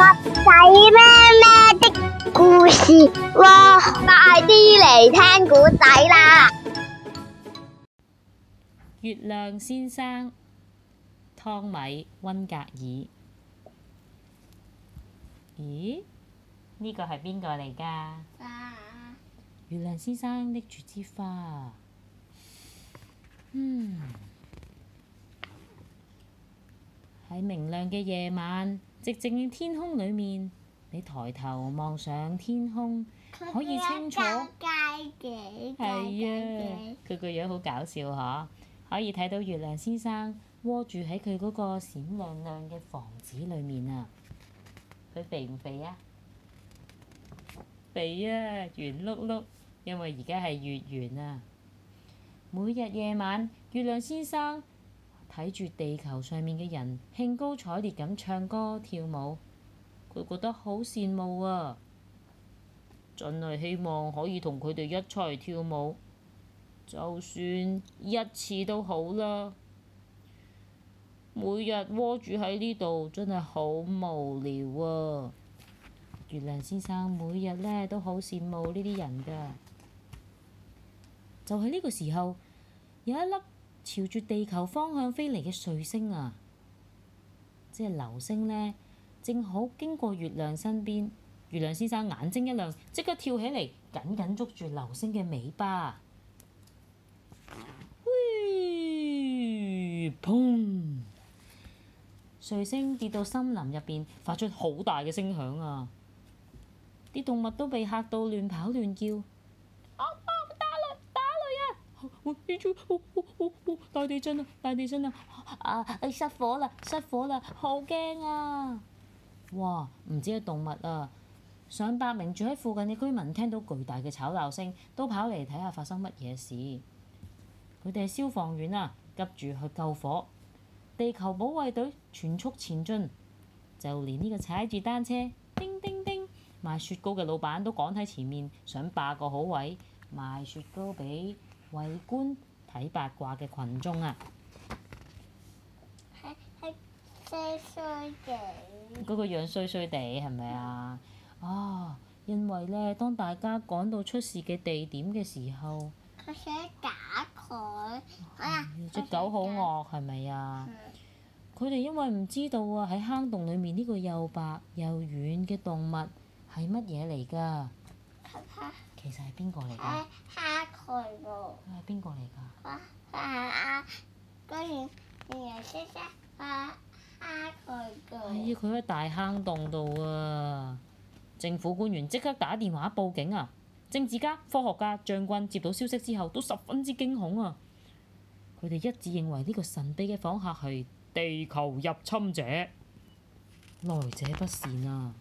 仔咩咩的故事喎，快啲嚟聽古仔啦！月亮先生，湯米溫格爾。咦？呢、這個係邊個嚟噶？啊、月亮先生拎住支花喺、嗯、明亮嘅夜晚。寂靜嘅天空裏面，你抬頭望上天空，可以清楚。佢加幾多加幾？係啊，佢個樣好搞笑呵！可以睇到月亮先生窩住喺佢嗰個閃亮亮嘅房子裏面啊！佢肥唔肥啊？肥啊，圓碌碌，因為而家係月圓啊！每日夜晚，月亮先生。睇住地球上面嘅人興高采烈咁唱歌跳舞，佢覺得好羨慕啊！真係希望可以同佢哋一齊跳舞，就算一次都好啦。每日窩住喺呢度真係好無聊啊！月亮先生每日呢都好羨慕呢啲人㗎，就喺呢個時候有一粒，朝住地球方向飛嚟嘅彗星啊，即係流星呢，正好經過月亮身邊。月亮先生眼睛一亮，即刻跳起嚟，緊緊捉住流星嘅尾巴。呼！砰！彗星跌到森林入面，發出好大嘅聲響啊！啲動物都被嚇到亂跑亂叫。大地震啊！大地震啊！啊！失火啦！失火啦！好驚啊！哇！唔止係動物啊，上百名住喺附近嘅居民聽到巨大嘅吵鬧聲，都跑嚟睇下發生乜嘢事。佢哋係消防員啊，急住去救火。地球保衛隊全速前進，就連呢個踩住單車、叮叮叮賣雪糕嘅老闆都趕喺前面，想霸個好位賣雪糕俾圍觀睇八卦嘅群眾啊，係係衰衰地嗰個樣，衰衰地係咪啊？啊，因為呢，當大家趕到出事嘅地點嘅時候，佢想打佢，係隻狗好惡係咪啊？佢哋是因為唔知道啊，喺坑洞裡面呢個又白又軟嘅動物係乜嘢嚟㗎？其實係邊個嚟㗎？係蝦佢㗎。佢係邊個嚟㗎？佢係阿嗰年年嘅先生，蝦佢㗎。係佢喺大坑洞度啊！政府官員即刻打電話報警啊！政治家、科學家、將軍接到消息之後都十分之驚恐啊！佢哋一致認為呢個神秘嘅訪客係地球入侵者，來者不善啊！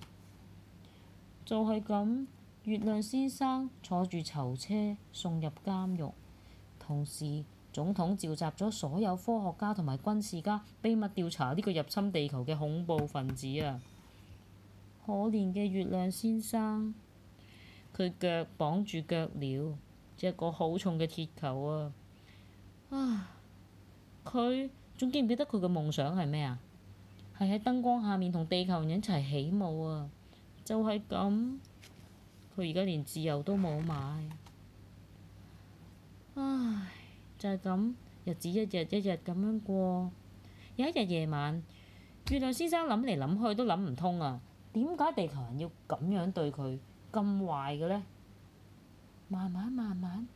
就係咁。月亮先生坐住囚車送入監獄，同時總統召集咗所有科學家同埋軍事家秘密調查呢個入侵地球嘅恐怖分子啊！可憐嘅月亮先生，佢腳綁住腳鐐，只係個好重嘅鐵球啊！啊！佢仲記唔記得佢嘅夢想係咩啊？係喺燈光下面同地球人一齊起，起舞啊！就係、是、咁。佢而家連自由都冇埋，唉！就係咁，日子一日一日咁樣過。有一日夜晚，月亮先生諗嚟諗去都諗唔通啊！點解地球人要咁樣對佢咁壞嘅呢？慢慢慢慢，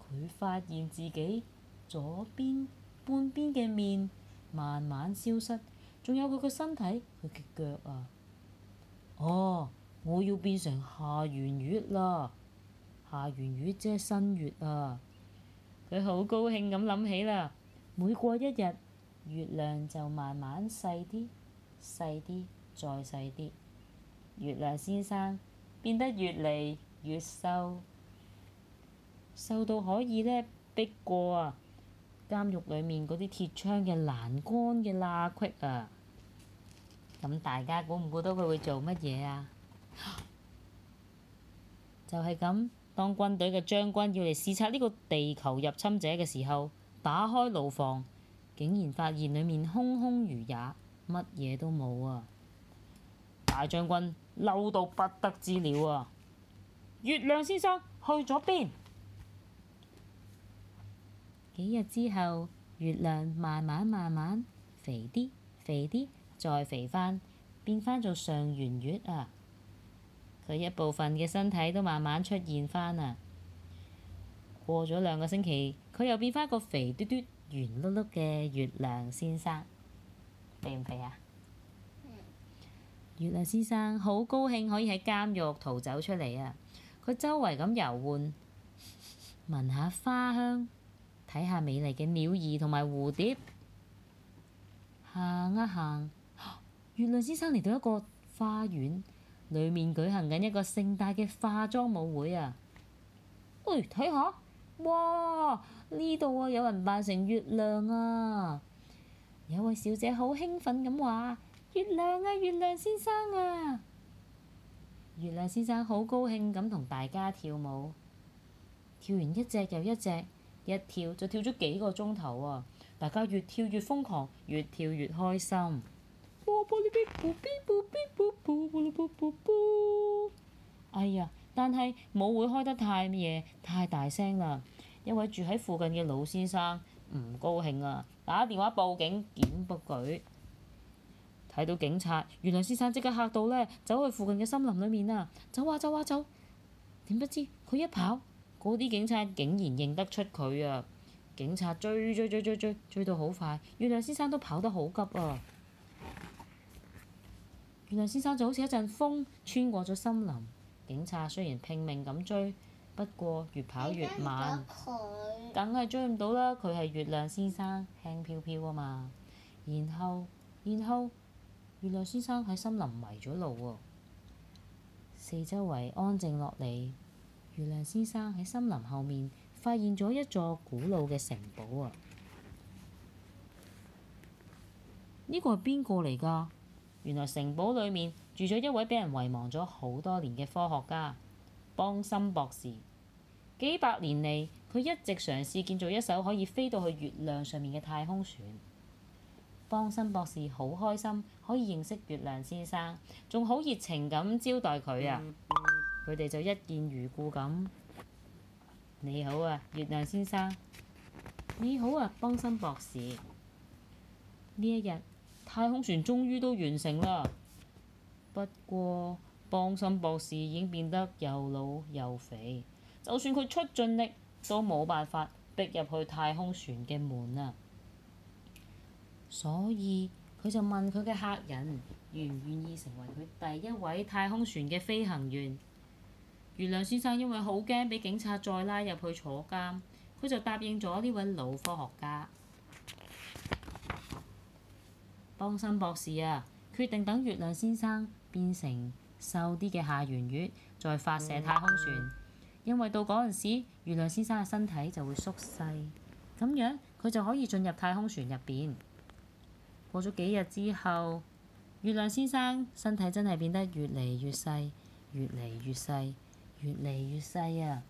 佢發現自己左邊半邊嘅面慢慢消失，仲有佢個身體，佢嘅腳啊！哦～我要變成下圓月啦！下圓月即係新月啊！佢好高興咁諗起啦。每過一日，月亮就慢慢細啲、細啲、再細啲。月亮先生變得越嚟越瘦，瘦到可以呢，逼過啊監獄裡面嗰啲鐵窗嘅欄杆嘅罅隙啊！咁大家估唔估到佢會做乜嘢啊？就係咁，當軍隊嘅將軍要嚟視察呢個地球入侵者嘅時候，打開牢房，竟然發現裡面空空如也，乜嘢都冇啊！大將軍嬲到不得之了啊！月亮先生去咗邊？幾日之後，月亮慢慢慢慢肥啲，肥啲，再肥翻，變翻做上圓月啊！佢一部分嘅身體都慢慢出現翻啦。過咗兩個星期，佢又變翻一個肥嘟嘟、圓碌碌嘅月亮先生。肥唔肥啊？嗯、月亮先生好高興可以喺監獄逃走出嚟啊！佢周圍咁遊玩，聞下花香，睇下美麗嘅鳥兒同埋蝴蝶。行一行，月亮先生嚟到一個花園。裡面舉行緊一個盛大嘅化妝舞會啊！誒、哎，睇下，哇！呢度啊，有人扮成月亮啊！有位小姐好興奮咁話：月亮啊，月亮先生啊！月亮先生好高興咁同大家跳舞，跳完一隻又一隻，一跳就跳咗幾個鐘頭啊。大家越跳越瘋狂，越跳越開心。哎呀，但係舞會開得太夜，太大聲啦！一位住喺附近嘅老先生唔高興啊，打電話報警，檢捕佢。睇到警察，月亮先生即刻嚇到咧，走去附近嘅森林裏面啊，走啊走啊走。點不知佢一跑，嗰啲警察竟然認得出佢啊！警察追追追追追，追追追到好快，月亮先生都跑得好急啊！月亮先生就好似一陣風，穿過咗森林。警察雖然拼命咁追，不過越跑越慢，梗係追唔到啦。佢係月亮先生，輕飄飄啊嘛。然後，然後，月亮先生喺森林迷咗路喎。四周圍安靜落嚟，月亮先生喺森林後面發現咗一座古老嘅城堡啊！呢個係邊個嚟㗎？原來城堡裏面住咗一位俾人遺忘咗好多年嘅科學家，邦森博士。幾百年嚟，佢一直嘗試建造一艘可以飛到去月亮上面嘅太空船。邦森博士好開心可以認識月亮先生，仲好熱情咁招待佢啊！佢哋、嗯、就一見如故咁。你好啊，月亮先生。你好啊，邦森博士。呢一日。太空船終於都完成啦，不過邦森博士已經變得又老又肥，就算佢出盡力都冇辦法逼入去太空船嘅門啦。所以佢就問佢嘅客人願唔願意成為佢第一位太空船嘅飛行員。月亮先生因為好驚俾警察再拉入去坐監，佢就答應咗呢位老科學家。邦森博士啊，決定等月亮先生變成瘦啲嘅下弦月，再發射太空船，因為到嗰陣時，月亮先生嘅身體就會縮細，咁樣佢就可以進入太空船入邊。過咗幾日之後，月亮先生身體真係變得越嚟越細，越嚟越細，越嚟越細啊！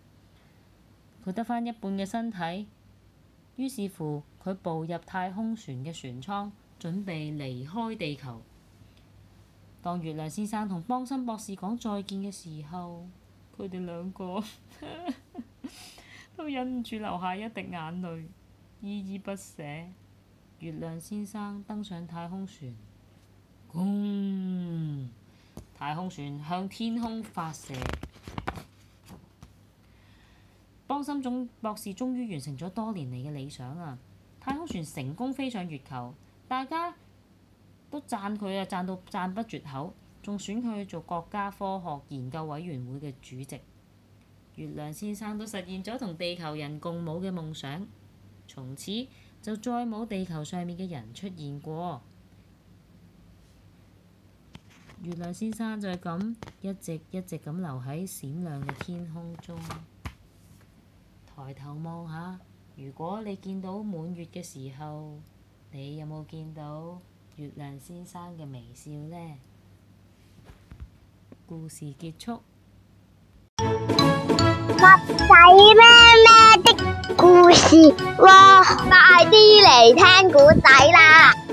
佢得返一半嘅身體，於是乎佢步入太空船嘅船艙。準備離開地球。當月亮先生同邦森博士講再見嘅時候，佢哋兩個 都忍唔住流下一滴眼淚，依依不捨。月亮先生登上太空船，轟！太空船向天空發射。邦森博士終於完成咗多年嚟嘅理想啊！太空船成功飛上月球。大家都讚佢啊，讚到讚不絕口，仲選佢做國家科學研究委員會嘅主席。月亮先生都實現咗同地球人共舞嘅夢想，從此就再冇地球上面嘅人出現過。月亮先生就係咁一直一直咁留喺閃亮嘅天空中，抬頭望下，如果你見到滿月嘅時候，你有冇見到月亮先生嘅微笑呢？故事結束。襪仔咩咩的故事喎？快啲嚟聽古仔啦！